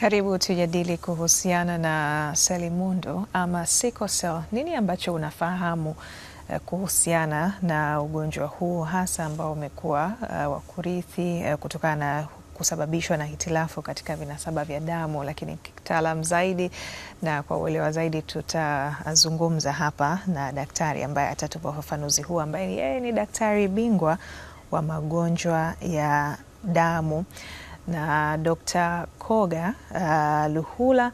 Karibu tujadili kuhusiana na selimundu ama sickle cell. Nini ambacho unafahamu eh, kuhusiana na ugonjwa huu hasa ambao umekuwa uh, wa kurithi uh, kutokana na kusababishwa na hitilafu katika vinasaba vya damu, lakini kitaalam zaidi na kwa uelewa zaidi tutazungumza hapa na daktari ambaye atatupa ufafanuzi huu, ambaye yeye ni daktari bingwa wa magonjwa ya damu na Dr. Koga uh, Luhula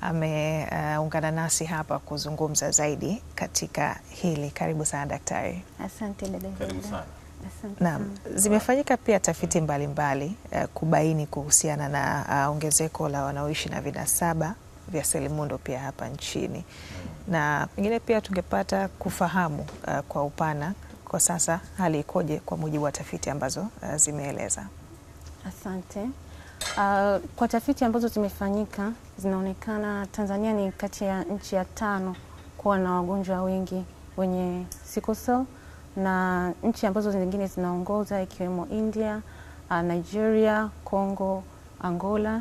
ameungana uh, nasi hapa kuzungumza zaidi katika hili. Karibu sana daktari. Asante dada. Karibu sana. Naam, zimefanyika pia tafiti mbalimbali mbali, uh, kubaini kuhusiana na uh, ongezeko la wanaoishi na vinasaba vya selimundo pia hapa nchini na pengine pia tungepata kufahamu uh, kwa upana kwa sasa hali ikoje kwa mujibu wa tafiti ambazo uh, zimeeleza. Asante. Uh, kwa tafiti ambazo zimefanyika zinaonekana Tanzania ni kati ya nchi ya tano kuwa na wagonjwa wengi wenye sickle cell na nchi ambazo zingine zinaongoza ikiwemo India, uh, Nigeria, Congo, Angola.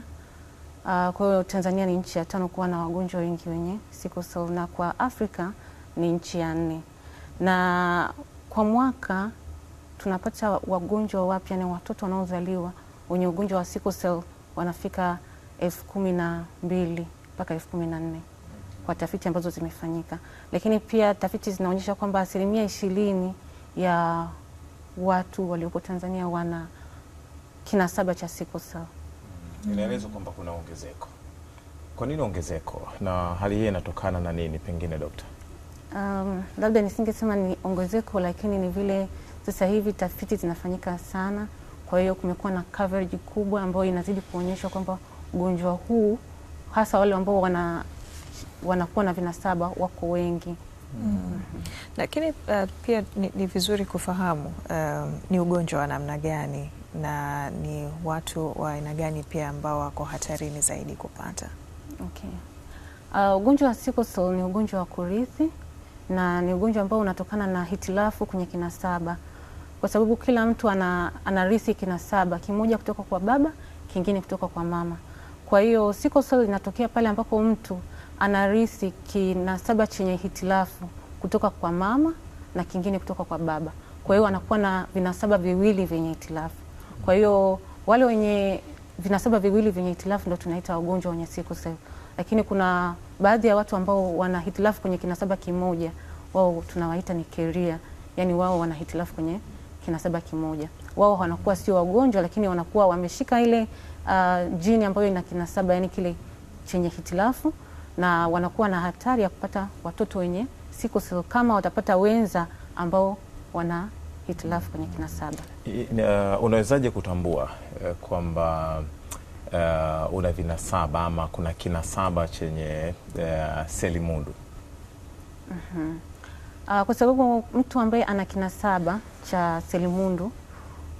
Uh, kwa hiyo Tanzania ni nchi ya tano kuwa na wagonjwa wengi wenye sickle cell na kwa Afrika ni nchi ya nne, na kwa mwaka tunapata wagonjwa wapya, ni watoto wanaozaliwa wenye ugonjwa wa sickle cell wanafika elfu kumi na mbili mpaka elfu kumi na nne kwa tafiti ambazo zimefanyika, lakini pia tafiti zinaonyesha kwamba asilimia ishirini ya watu waliopo Tanzania wana kinasaba cha sickle cell. Inaelezwa kwamba kuna ongezeko. Kwa nini ongezeko, na hali hii inatokana na nini pengine, dokta? Um, labda nisingesema ni ongezeko, lakini ni vile sasa hivi tafiti zinafanyika sana kwa hiyo kumekuwa na coverage kubwa ambayo inazidi kuonyesha kwamba ugonjwa huu hasa wale ambao wana wanakuwa na vinasaba wako wengi. Mm. Lakini mm. mm -hmm. uh, pia ni, ni vizuri kufahamu uh, ni ugonjwa wa namna gani na ni watu wa aina gani pia ambao wako hatarini zaidi kupata. Okay. Uh, ugonjwa wa sickle cell ni ugonjwa wa kurithi na ni ugonjwa ambao unatokana na hitilafu kwenye kinasaba kwa sababu kila mtu ana, ana anarithi saba, kimoja kutoka kwa baba, kingine kutoka kwa mama. Kwa hiyo sickle cell inatokea pale ambapo mtu ana anarithi saba chenye hitilafu kutoka kwa mama na kingine kutoka kwa baba. Kwa hiyo anakuwa na vinasaba viwili vyenye hitilafu. Kwa hiyo wale wenye vinasaba viwili vyenye hitilafu ndio tunaita wagonjwa wenye sickle cell, lakini kuna baadhi ya watu ambao wana hitilafu kwenye kinasaba kimoja, wao tunawaita ni keria, yani wao wana hitilafu kwenye kinasaba kimoja. Wao wanakuwa sio wagonjwa, lakini wanakuwa wameshika ile uh, jini ambayo ina kinasaba, yani kile chenye hitilafu, na wanakuwa na hatari ya kupata watoto wenye siko cell kama watapata wenza ambao wana hitilafu kwenye kinasaba. Uh, unawezaje kutambua uh, kwamba uh, una vinasaba ama kuna kinasaba chenye uh, seli mm -hmm. Uh, kwa sababu mtu ambaye ana kinasaba cha selimundu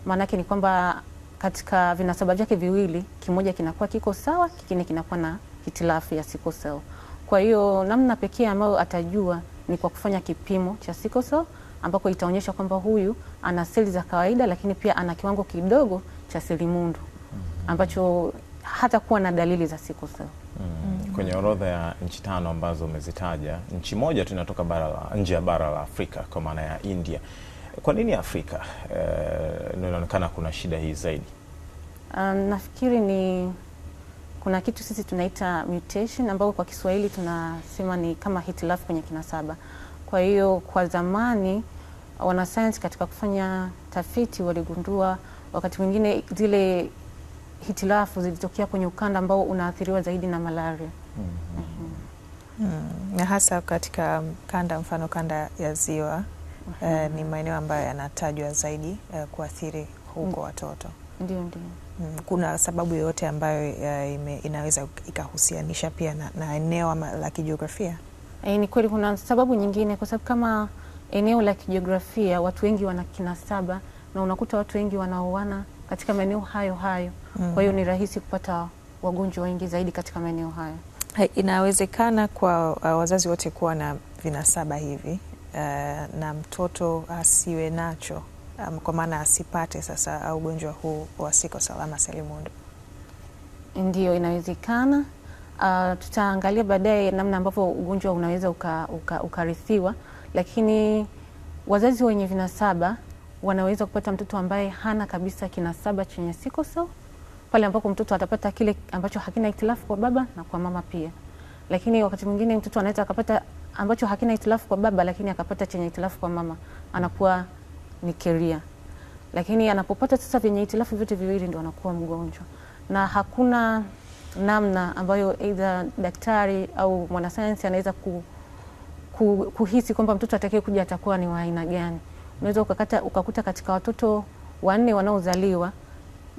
maanake ni kwamba katika vinasaba vyake viwili kimoja kinakuwa kiko sawa, kingine kinakuwa na hitilafu ya siko sawa. Kwa hiyo namna pekee ambayo atajua ni kwa kufanya kipimo cha siko sawa ambako itaonyesha kwamba huyu ana seli za kawaida, lakini pia ana kiwango kidogo cha selimundu mhm. ambacho hata kuwa na dalili za siko sawa kwenye orodha ya nchi tano ambazo umezitaja, nchi moja tu inatoka bara la nje ya bara la Afrika kwa maana ya India. Kwa nini Afrika e, ndio inaonekana kuna shida hii zaidi? Um, nafikiri ni kuna kitu sisi tunaita mutation ambayo kwa Kiswahili tunasema ni kama hitilafu kwenye kinasaba. Kwa hiyo kwa zamani wanasayansi katika kufanya tafiti waligundua wakati mwingine zile hitilafu zilitokea kwenye ukanda ambao unaathiriwa zaidi na malaria. Mm-hmm. Mm, na hasa katika kanda mfano kanda ya Ziwa mm-hmm. eh, ni maeneo ambayo yanatajwa zaidi eh, kuathiri huko mm. watoto. Ndio, ndio. Mm, kuna sababu yoyote ambayo eh, ime, inaweza ikahusianisha pia na, na eneo ama la kijiografia? eh, ni kweli kuna sababu nyingine, kwa sababu kama eneo la kijiografia watu wengi wana kinasaba na unakuta watu wengi wanaoana katika maeneo hayo hayo, mm. kwa hiyo ni rahisi kupata wagonjwa wengi zaidi katika maeneo hayo. Eh, inawezekana kwa uh, wazazi wote kuwa na vinasaba hivi uh, na mtoto asiwe nacho um, kwa maana asipate sasa ugonjwa huu wa siko salama selimundu. Ndio, inawezekana. Uh, tutaangalia baadaye namna ambavyo ugonjwa unaweza ukarithiwa uka, uka, lakini wazazi wenye vinasaba wanaweza kupata mtoto ambaye hana kabisa kinasaba chenye siko pale ambapo mtoto atapata kile ambacho hakina itilafu kwa baba na kwa mama pia. Lakini wakati mwingine mtoto anaweza akapata ambacho hakina itilafu kwa baba, lakini akapata chenye itilafu kwa mama, anakuwa ni keria. Lakini anapopata sasa vyenye itilafu vyote viwili, ndo anakuwa mgonjwa, na hakuna namna ambayo aidha daktari au mwanasayansi anaweza ku, ku, kuhisi kwamba mtoto atakaye kuja atakuwa ni wa aina gani. Unaweza ukakuta katika watoto wanne wanaozaliwa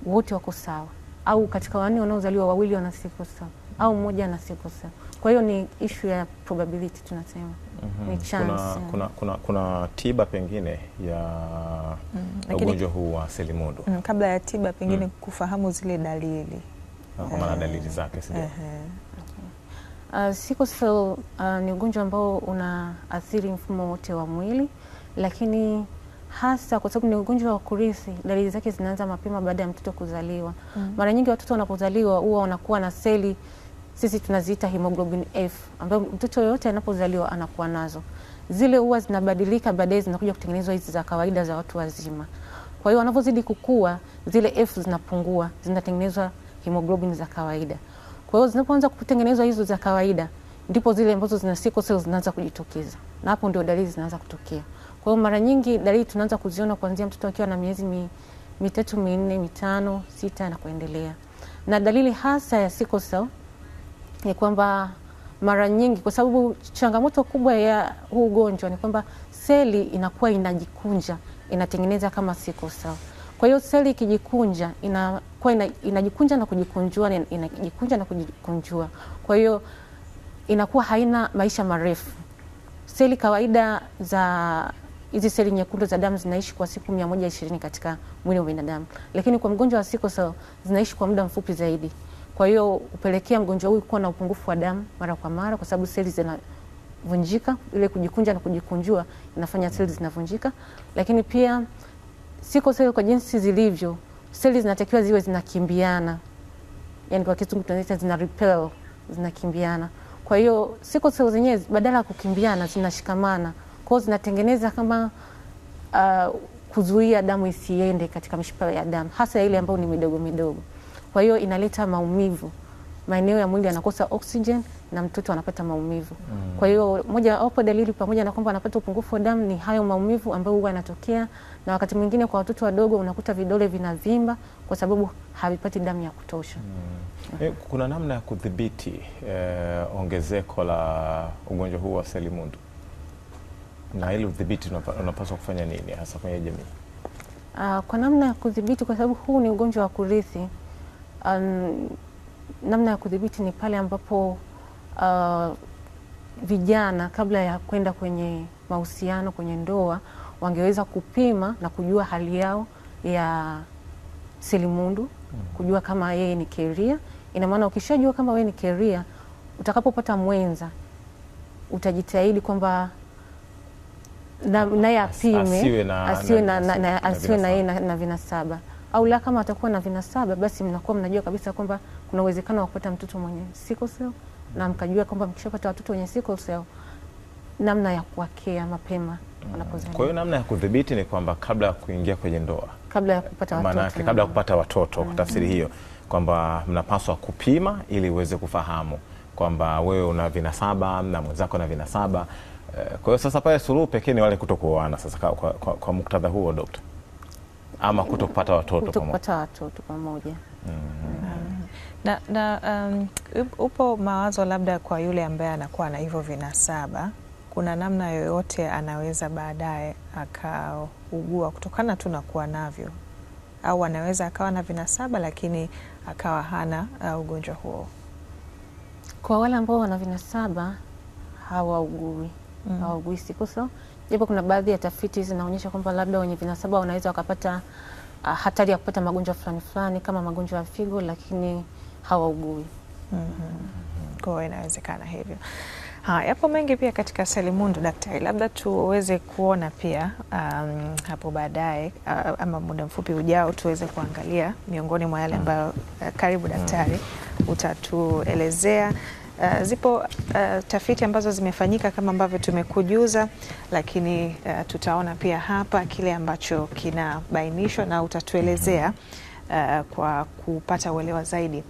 wote wako sawa au katika wanne wanaozaliwa wawili wana sickle cell au mmoja ana sickle cell. Kwa hiyo ni issue ya probability tunasema. mm -hmm. Ni chance kuna, kuna, kuna, kuna tiba pengine ya mm, ugonjwa huu wa selimundu mm, kabla ya tiba pengine mm. kufahamu zile dalili kwa maana eh. dalili zake sio uh uh, sickle cell uh, ni ugonjwa ambao unaathiri mfumo wote wa mwili lakini hasa kwa sababu ni ugonjwa wa kurithi. Dalili zake zinaanza mapema baada ya mtoto kuzaliwa. mm. -hmm. Mara nyingi watoto wanapozaliwa huwa wanakuwa na seli sisi tunaziita hemoglobin F ambayo mtoto yoyote anapozaliwa anakuwa nazo. Zile huwa zinabadilika baadaye, zinakuja kutengenezwa hizi za kawaida za watu wazima. Kwa hiyo wanapozidi kukua zile F zinapungua, zinatengenezwa hemoglobin za kawaida. Kwa hiyo zinapoanza kutengenezwa hizo za kawaida, ndipo zile ambazo zina sickle cell zinaanza kujitokeza, na hapo ndio dalili zinaanza kutokea. Kwa hiyo mara nyingi dalili tunaanza kuziona kuanzia mtoto akiwa na miezi mi, mitatu minne mitano sita na kuendelea, na dalili hasa ya sickle cell ni kwamba mara nyingi, kwa sababu changamoto kubwa ya huu ugonjwa ni kwamba seli inakuwa inajikunja inatengeneza kama sickle cell. Kwa hiyo seli ikijikunja inakuwa ina, inajikunja na kujikunjua inajikunja na kujikunjua, kwa hiyo inakuwa haina maisha marefu. Seli kawaida za hizi seli nyekundu za damu zinaishi kwa siku 120 katika mwili wa binadamu, lakini kwa mgonjwa wa sickle cell zinaishi kwa muda mfupi zaidi. Kwa hiyo upelekea mgonjwa huyu kuwa na upungufu wa damu mara kwa mara, kwa sababu seli zinavunjika. Ile kujikunja na kujikunjua inafanya seli zinavunjika, lakini pia sickle cell kwa jinsi zilivyo, seli zinatakiwa ziwe zinakimbiana, yani kwa kitu tunaita zina repel, zinakimbiana. Kwa hiyo sickle cell zenyewe badala ya kukimbiana zinashikamana kwao zinatengeneza kama uh, kuzuia damu isiende katika mishipa ya damu hasa ile ambayo ni midogo midogo. Kwa hiyo inaleta maumivu, maeneo ya mwili yanakosa oxygen na mtoto anapata maumivu mm. Kwa hiyo moja wapo dalili pamoja na kwamba anapata upungufu wa damu ni hayo maumivu ambayo huwa yanatokea, na wakati mwingine kwa watoto wadogo unakuta vidole vinavimba kwa sababu havipati damu ya kutosha mm. mm. Kuna namna ya kudhibiti eh, ongezeko la ugonjwa huu wa selimundu? na ili udhibiti unapaswa kufanya nini hasa kwenye jamii? Uh, kwa namna ya kudhibiti, kwa sababu huu ni ugonjwa wa kurithi um, namna ya kudhibiti ni pale ambapo uh, vijana kabla ya kwenda kwenye mahusiano, kwenye ndoa, wangeweza kupima na kujua hali yao ya selimundu, hmm. kujua kama yeye ni keria. Ina maana ukishajua kama wewe ni keria, utakapopata mwenza utajitahidi kwamba naye asiwe na yeye na vinasaba au la, kama atakuwa na vinasaba basi mnakuwa mnajua kabisa kwamba kuna uwezekano wa kupata mtoto mwenye sickle cell, na mkajua kwamba mkishapata watoto wenye sickle cell namna ya kuwakea mapema wanapozaliwa. Kwa hiyo namna ya kudhibiti ni kwamba kabla ya kuingia kwenye ndoa, kabla ya kupata watoto, maanake kabla ya kupata watoto kwa tafsiri hiyo kwamba mnapaswa kupima ili uweze kufahamu kwamba wewe una vinasaba na mwenzako na vinasaba Eh, kwa hiyo sasa pale suluhu pekee ni wale kutokuoana. Sasa kwa, kwa, kwa, kwa muktadha huo dokta, ama kutopata watoto kutopata watoto pamoja mm-hmm. na, na um, upo mawazo labda kwa yule ambaye anakuwa na hivyo vinasaba, kuna namna yoyote anaweza baadaye akaugua kutokana tu na kuwa navyo, au anaweza akawa na vinasaba lakini akawa hana uh, ugonjwa huo? Kwa wale ambao wana vinasaba hawaugui mm. au gwisi kuso, japo kuna baadhi ya tafiti zinaonyesha kwamba labda wenye vinasaba wanaweza wakapata uh, hatari ya kupata magonjwa fulani fulani kama magonjwa ya figo, lakini hawaugui. mm -hmm. Kwa hiyo inawezekana hivyo. Ha, yapo mengi pia katika Selimundu daktari, labda tuweze kuona pia um, hapo baadaye uh, ama muda mfupi ujao tuweze kuangalia miongoni mwa yale ambayo uh, karibu daktari mm. utatuelezea. Uh, zipo uh, tafiti ambazo zimefanyika kama ambavyo tumekujuza, lakini uh, tutaona pia hapa kile ambacho kinabainishwa na utatuelezea uh, kwa kupata uelewa zaidi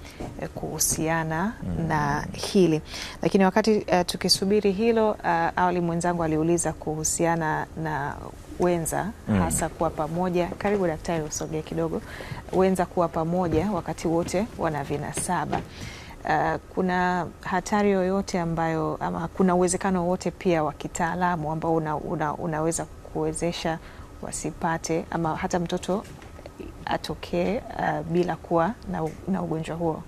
uh, kuhusiana mm. na hili. Lakini wakati uh, tukisubiri hilo uh, awali mwenzangu aliuliza kuhusiana na wenza mm. hasa kuwa pamoja. Karibu daktari, usogee kidogo. Wenza kuwa pamoja wakati wote wana vinasaba uh, kuna hatari yoyote ambayo ama kuna uwezekano wote pia wa kitaalamu ambao una, una, unaweza kuwezesha wasipate ama hata mtoto atokee uh, bila kuwa na, na ugonjwa huo?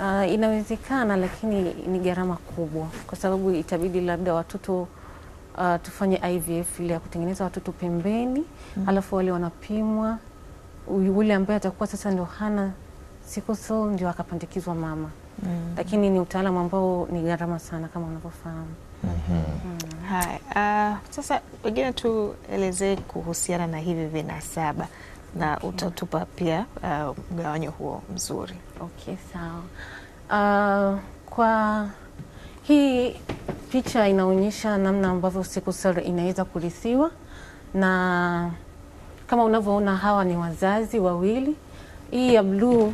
Uh, inawezekana lakini ni gharama kubwa, kwa sababu itabidi labda watoto uh, tufanye IVF ile ya kutengeneza watoto pembeni mm. Alafu wale wanapimwa, yule ambaye atakuwa sasa ndio hana siku so ndio akapandikizwa mama mm Lakini ni utaalamu ambao ni gharama sana kama unavyofahamu. Mhm. mm -hmm. mm Haya, uh, sasa pengine tuelezee kuhusiana na hivi vinasaba na mm-hmm. utatupa pia uh, mgawanyo huo mzuri. Okay, sawa. Uh, kwa hii picha inaonyesha namna ambavyo sickle cell inaweza kurithiwa, na kama unavyoona hawa ni wazazi wawili. Hii ya bluu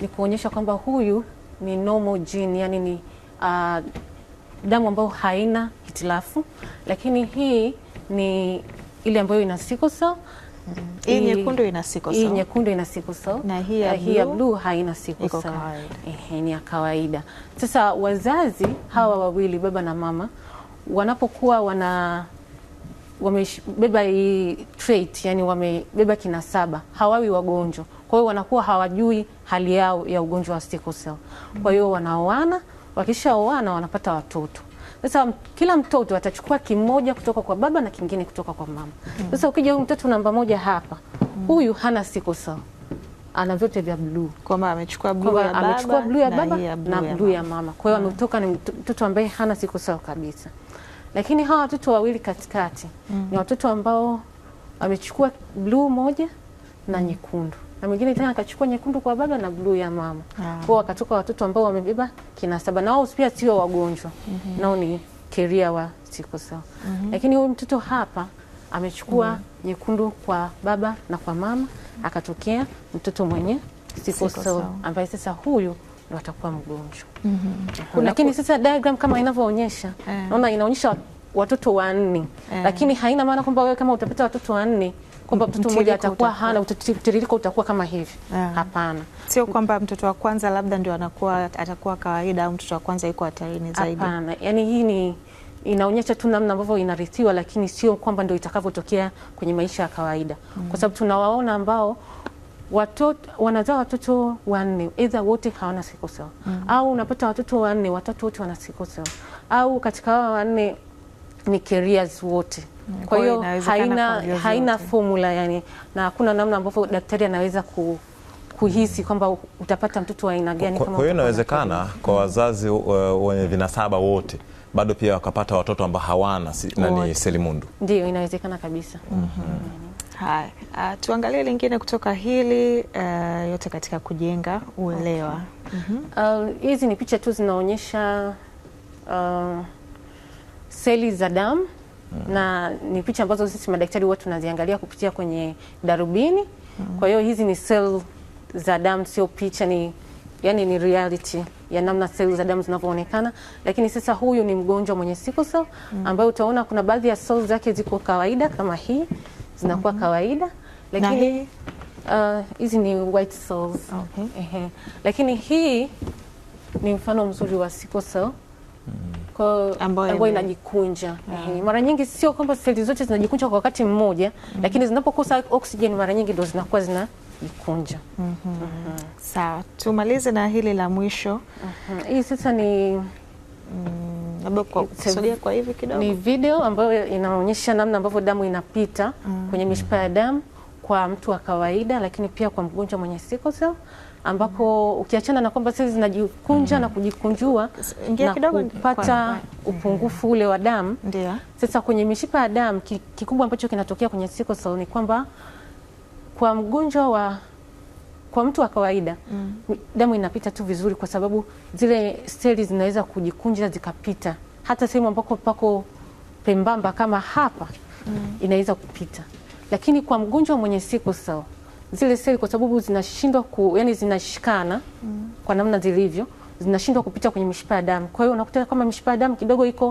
ni kuonyesha kwamba huyu ni normal gene, yani ni uh, damu ambayo haina hitilafu, lakini hii ni ile ambayo ina sickle cell hii nyekundu ina sickle cell. Hii nyekundu ina sickle cell. Na hii ya eh, blue, ya blue haina sickle cell. Eh, ni ya kawaida. Sasa wazazi hawa wawili baba na mama wanapokuwa wana wamebeba hii trait, yani wamebeba kinasaba, hawawi wagonjwa. Kwa hiyo wanakuwa hawajui hali yao ya ugonjwa wa sickle cell. Kwa hiyo wanaoana, wakishaoana wanapata watoto. Sasa kila mtoto atachukua kimoja kutoka kwa baba na kingine kutoka kwa mama. Sasa ukija huyu mtoto namba moja hapa, huyu hana sickle cell ana vyote vya bluu, maana amechukua bluu ya baba, amechukua bluu ya baba na bluu ya, blue ya mama. Kwa hiyo mm. ametoka ni mtoto ambaye hana sickle cell kabisa, lakini hawa watoto wawili katikati mm. ni watoto ambao amechukua bluu moja na nyekundu na mwingine tena akachukua nyekundu kwa baba na bluu ya mama. Ah. Kwao wakatoka watoto ambao wamebeba kinasaba, na wao pia sio wagonjwa mm -hmm. nao ni keria wa siku cell mm -hmm. lakini huyu mtoto hapa amechukua mm -hmm. nyekundu kwa baba na kwa mama, akatokea mtoto mwenye siku sawa ambaye sasa huyu ndo atakuwa mgonjwa mm -hmm. lakini sasa diagram kama inavyoonyesha eh. naona inaonyesha watoto wanne yeah. lakini haina maana kwamba wewe kama utapata watoto wanne kwamba mtoto mmoja atakuwa hana mtiririko utakuwa kama hivi yeah. Hapana, sio kwamba mtoto wa kwanza labda ndio anakuwa atakuwa kawaida au mtoto wa kwanza yuko hatarini zaidi. Hapana, yani hii ni inaonyesha tu namna ambavyo inarithiwa, lakini sio kwamba ndio itakavyotokea kwenye maisha ya kawaida mm. Kwa sababu tunawaona ambao watoto wanazaa watoto wanne, either wote hawana sickle cell mm. au unapata watoto wanne, watatu wote wana sickle cell, au katika hao wanne ni carriers wote mm. Kwa hiyo haina, haina formula yani, na hakuna namna ambavyo daktari anaweza ku kuhisi kwamba utapata mtoto wa aina gani. Kwa hiyo inawezekana kwa wazazi uh, wenye vinasaba wote bado pia wakapata watoto ambao hawana nani selimundu. Ndio, inawezekana kabisa. mm -hmm. Haya, uh, tuangalie lingine kutoka hili uh, yote katika kujenga uelewa. okay. mm -hmm. uh, hizi ni picha tu zinaonyesha uh, seli za damu Mm. na ni picha ambazo sisi madaktari huwa tunaziangalia kupitia kwenye darubini mm. kwa hiyo hizi ni sel za damu, sio picha, ni yani ni reality ya namna sel za damu zinavyoonekana. Lakini sasa huyu ni mgonjwa mwenye sickle cell mm. ambaye utaona kuna baadhi ya seli zake ziko kawaida kama hii zinakuwa mm. kawaida lakini uh, hizi uh, ni white cells. Okay. Ehe. Lakini hii ni mfano mzuri wa sickle cell mm ambayo inajikunja. yeah. Mara nyingi sio kwamba seli zote zinajikunja kwa wakati mmoja, mm. lakini zinapokosa oksijeni mara nyingi ndo zinakuwa zina jikunja. mm -hmm. mm -hmm. Sawa, tumalize na hili la mwisho. mm -hmm. Hii sasa ni mm, labda kwa kwa hivi kidogo, ni video ambayo inaonyesha namna ambavyo damu inapita mm -hmm. kwenye mishipa ya damu kwa mtu wa kawaida, lakini pia kwa mgonjwa mwenye sickle cell ambapo ukiachana na kwamba seli zinajikunja mm. na kujikunjua na kupata upungufu ule wa damu. Ndio. Sasa kwenye mishipa ya damu, kikubwa ambacho kinatokea kwenye sickle cell ni kwamba kwa mgonjwa wa kwa mtu wa kawaida mm. damu inapita tu vizuri, kwa sababu zile seli zinaweza kujikunja zikapita hata sehemu ambako pako pembamba kama hapa mm. inaweza kupita, lakini kwa mgonjwa mwenye sickle cell zile seli kwa sababu zinashindwa ku, yani zinashikana mm. kwa namna zilivyo zinashindwa kupita kwenye mishipa ya damu. Kwa hiyo unakuta kama mishipa ya damu kidogo iko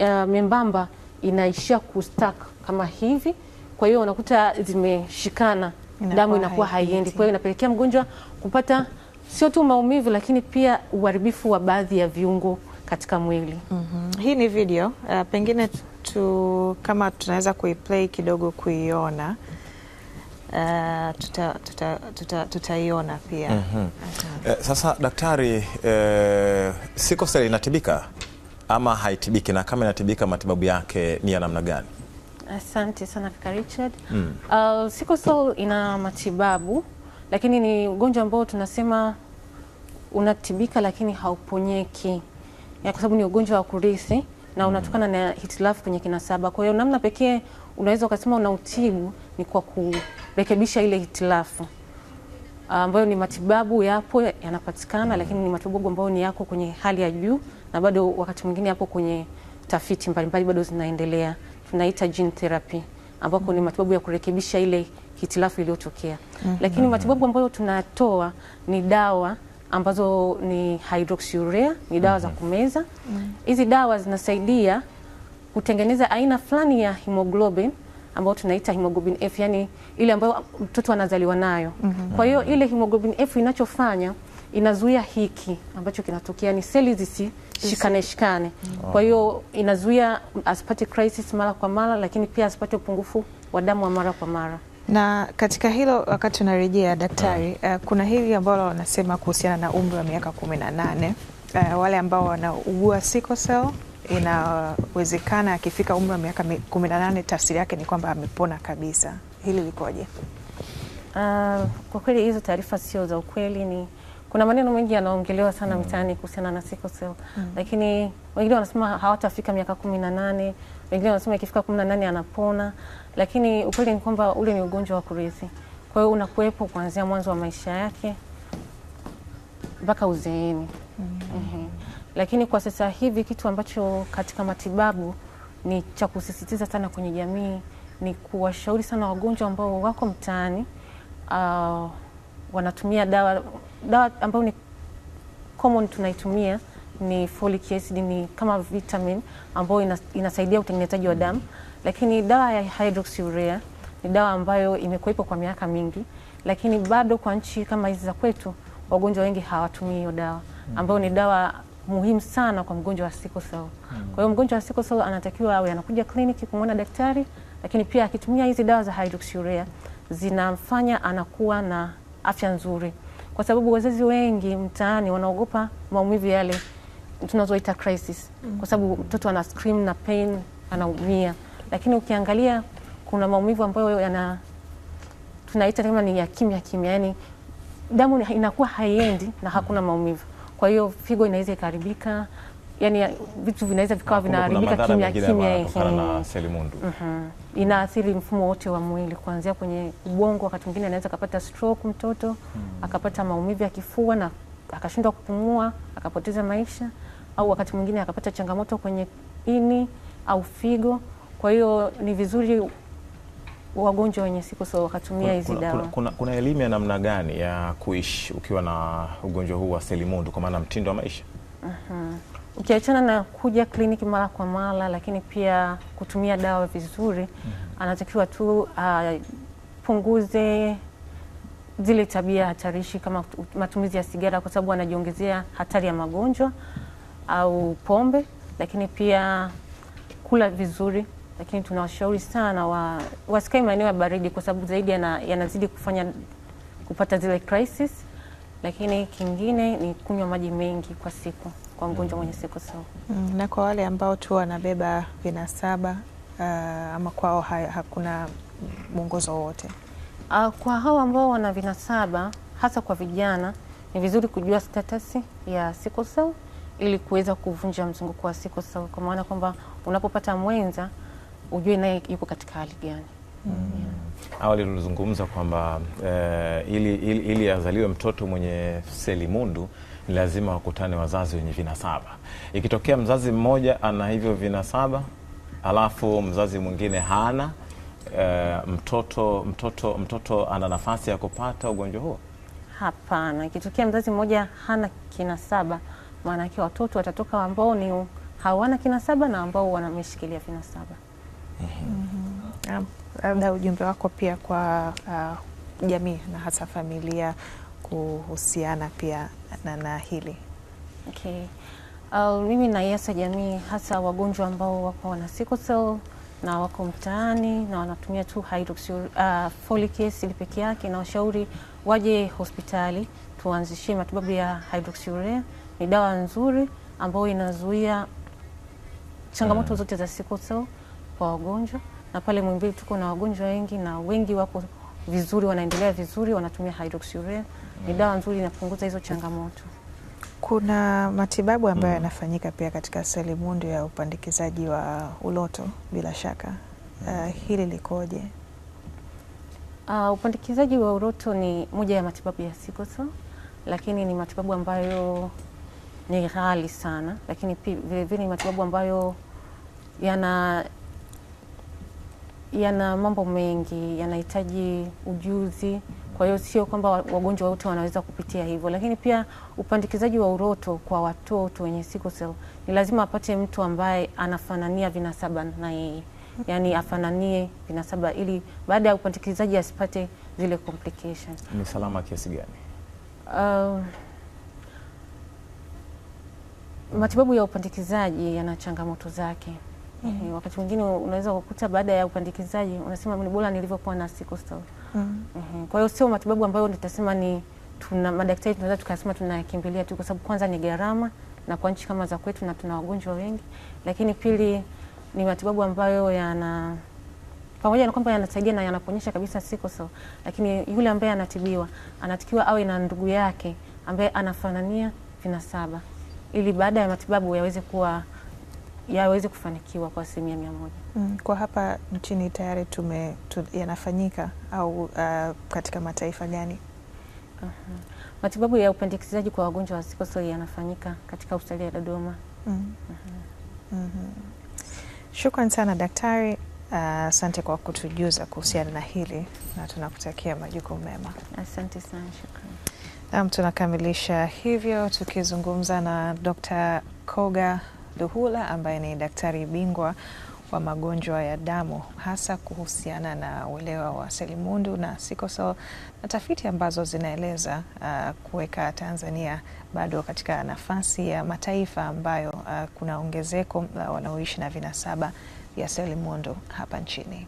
uh, membamba inaishia kustak kama hivi, kwa hiyo unakuta zimeshikana, damu inakuwa haiendi, kwa hiyo inapelekea mgonjwa kupata sio tu maumivu, lakini pia uharibifu wa baadhi ya viungo katika mwili. mm -hmm. Hii ni video uh, pengine tu, kama tunaweza kuiplay kidogo kuiona tutaiona eh, tuta, tuta, tuta pia mm -hmm. okay. Eh, sasa daktari, eh, sickle inatibika ama haitibiki, na kama inatibika matibabu yake ni ya namna gani? Asante sana kaka Richard. Mm. Uh, sickle ina matibabu lakini ni ugonjwa ambao tunasema unatibika lakini hauponyeki, kwa sababu ni ugonjwa wa kurithi na mm. unatokana na hitilafu kwenye kinasaba. Kwa hiyo namna pekee unaweza ukasema unautibu ni kwa ku rekebisha ile hitilafu ambayo ni matibabu yapo yanapatikana, lakini ni matibabu ambayo ni yako kwenye hali ya juu na bado wakati mwingine yapo kwenye tafiti mbalimbali bado zinaendelea, tunaita gene therapy ambako ni matibabu ya kurekebisha ile hitilafu iliyotokea. mm Lakini matibabu ambayo tunatoa ni dawa ambazo ni hydroxyurea, ni dawa mm za mm-hmm. kumeza mm-hmm. hizi. mm dawa zinasaidia kutengeneza aina fulani ya hemoglobin ambayo tunaita hemoglobin F, yani ile ambayo mtoto anazaliwa nayo mm -hmm. Kwa hiyo ile hemoglobin F inachofanya inazuia hiki ambacho kinatokea ni seli zisishikane shikane. Mm. Kwa hiyo inazuia asipate crisis mara kwa mara, lakini pia asipate upungufu wa damu wa mara kwa mara. Na katika hilo, wakati tunarejea daktari, uh, kuna hili ambalo wanasema kuhusiana na umri wa miaka kumi na nane uh, wale ambao wanaugua sickle cell inawezekana akifika umri wa miaka 18 tafsiri yake ni kwamba amepona kabisa. Hili likoje? Uh, kwa kweli hizo taarifa sio za ukweli. Ni kuna maneno mengi yanaongelewa sana mm. mitaani kuhusiana na sickle cell mm. lakini wengine wanasema hawatafika miaka kumi na nane, wengine wanasema ikifika kumi na nane anapona, lakini ukweli ni kwamba ule ni ugonjwa wa kurithi. Kwa hiyo unakuwepo kuanzia mwanzo wa maisha yake mpaka uzeeni. mm. mm -hmm. Lakini kwa sasa hivi kitu ambacho katika matibabu ni cha kusisitiza sana kwenye jamii ni kuwashauri sana wagonjwa ambao wako mtaani, uh, wanatumia dawa dawa ambayo ni common tunaitumia ni folic acid, ni kama vitamin ambayo inasaidia utengenezaji wa damu, lakini dawa ya hydroxyurea ni dawa ambayo imekuwepo kwa miaka mingi, lakini bado kwa nchi kama hizi za kwetu wagonjwa wengi hawatumii hiyo dawa ambayo ni dawa muhimu sana kwa mgonjwa wa sickle cell. Hmm. Kwa hiyo mgonjwa wa sickle cell anatakiwa awe anakuja kliniki kumwona daktari, lakini pia akitumia hizi dawa za hydroxyurea zinamfanya anakuwa na afya nzuri, kwa sababu wazazi wengi mtaani wanaogopa maumivu yale tunazoita crisis, hmm. kwa sababu mtoto ana scream na pain, anaumia, lakini ukiangalia kuna maumivu ambayo yana tunaita kama ni ya kimya kimya, yani damu inakuwa haiendi na hakuna maumivu kwa hiyo figo inaweza ikaharibika, yani vitu vinaweza vikawa vinaharibika kimya kimya, mm-hmm. inaathiri mfumo wote wa mwili kuanzia kwenye ubongo. Wakati mwingine anaweza akapata stroke mtoto -hmm. akapata maumivu ya kifua na akashindwa kupumua akapoteza maisha, au wakati mwingine akapata changamoto kwenye ini au figo. Kwa hiyo ni vizuri wagonjwa wenye sickle cell wakatumia hizi dawa. Kuna, kuna, kuna elimu ya namna gani ya kuishi ukiwa na ugonjwa huu wa selimundu kwa maana mtindo wa maisha? Uh-huh. Ukiachana na kuja kliniki mara kwa mara, lakini pia kutumia dawa vizuri, uh-huh. Anatakiwa tu apunguze uh, zile tabia hatarishi kama matumizi ya sigara, kwa sababu anajiongezea hatari ya magonjwa au pombe, lakini pia kula vizuri lakini tunawashauri sana wa, wasikae maeneo ya baridi kwa sababu zaidi yanazidi ya kufanya kupata zile crisis, lakini kingine ni kunywa maji mengi kwa siku kwa mgonjwa mwenye siku cell. Mm, na kwa wale ambao tu wanabeba vinasaba uh, ama kwao hakuna mwongozo wowote uh, kwa hao ambao wana vinasaba hasa kwa vijana ni vizuri kujua status ya siku cell ili kuweza kuvunja mzunguko wa siku cell, kwa maana kwamba unapopata mwenza ujue naye yuko katika hali gani. Mm. Mm-hmm. Yeah. Awali tulizungumza kwamba eh, ili, ili, ili azaliwe mtoto mwenye selimundu ni lazima wakutane wazazi wenye vinasaba. Ikitokea mzazi mmoja ana hivyo vinasaba alafu mzazi mwingine hana eh, mtoto mtoto mtoto ana nafasi ya kupata ugonjwa huo? Hapana, ikitokea mzazi mmoja hana kinasaba, maanake watoto watatoka ambao ni hawana kinasaba na ambao wameshikilia vinasaba. Mhm. Mhm. labda mm -hmm. um, ujumbe wako pia kwa uh, jamii na hasa familia kuhusiana pia na, na hili okay. Uh, mimi naiasa jamii hasa wagonjwa ambao wako wana sickle cell na wako mtaani na wanatumia tu hydroxyfolic uh, acid uh, peke yake, na washauri waje hospitali tuanzishie matibabu ya hydroxyurea. Ni dawa nzuri ambayo inazuia changamoto mm. zote za sickle cell kwa wagonjwa, na pale Muhimbili tuko na wagonjwa wengi na wengi wapo vizuri, wanaendelea vizuri, wanatumia hydroxyurea. Ni dawa nzuri, inapunguza hizo changamoto. Kuna matibabu ambayo yanafanyika mm. pia katika selimundu ya upandikizaji wa uloto bila shaka. Uh, hili likoje? Uh, upandikizaji wa uloto ni moja ya matibabu ya sickle cell, lakini ni matibabu ambayo ni ghali sana, lakini pia vilevile ni matibabu ambayo yana yana mambo mengi, yanahitaji ujuzi. Kwa hiyo sio kwamba wagonjwa wote wanaweza kupitia hivyo, lakini pia upandikizaji wa uroto kwa watoto wenye sickle cell ni lazima apate mtu ambaye anafanania vinasaba na yeye, yani afananie vinasaba, ili baada ya upandikizaji asipate zile complication. Ni salama kiasi gani? Uh, matibabu ya upandikizaji yana changamoto zake. Eh, wakati mwingine unaweza kukuta baada ya upandikizaji unasema ni bora nilivyokuwa na sickle cell. Mm. -hmm. kwa hiyo sio matibabu ambayo nitasema ni tuna madaktari tunaweza tukasema tunakimbilia tu kwa sababu kwanza ni gharama na kwa nchi kama za kwetu na tuna wagonjwa wengi, lakini pili ni matibabu ambayo yana pamoja na kwamba yanasaidia na yanaponyesha kabisa sickle cell, lakini yule ambaye anatibiwa anatakiwa awe na ndugu yake ambaye anafanania vinasaba ili baada ya matibabu yaweze kuwa yaweze kufanikiwa kwa asilimia mia moja. Mm, kwa hapa nchini tayari tume tu, yanafanyika au uh, katika mataifa gani? uh -huh. Matibabu ya upandikizaji kwa wagonjwa wa sickle cell yanafanyika katika hospitali ya Dodoma. mm. uh -huh. mm -hmm. Shukran sana daktari, uh, asante uh, kwa kutujuza kuhusiana na hili na tunakutakia majukumu mema. Asante sana, shukran. Naam, tunakamilisha hivyo tukizungumza na Dr. Koga Luhula ambaye ni daktari bingwa wa magonjwa ya damu hasa kuhusiana na uelewa wa selimundu na sikosel na tafiti ambazo zinaeleza uh, kuweka Tanzania bado katika nafasi ya mataifa ambayo uh, kuna ongezeko la wanaoishi na vinasaba vya selimundu hapa nchini.